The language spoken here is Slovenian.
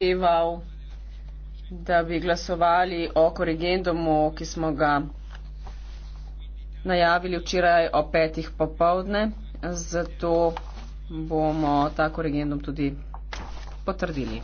zahteval, da bi glasovali o korigendumu, ki smo ga najavili včeraj o petih popovdne, zato bomo ta korigendum tudi potrdili.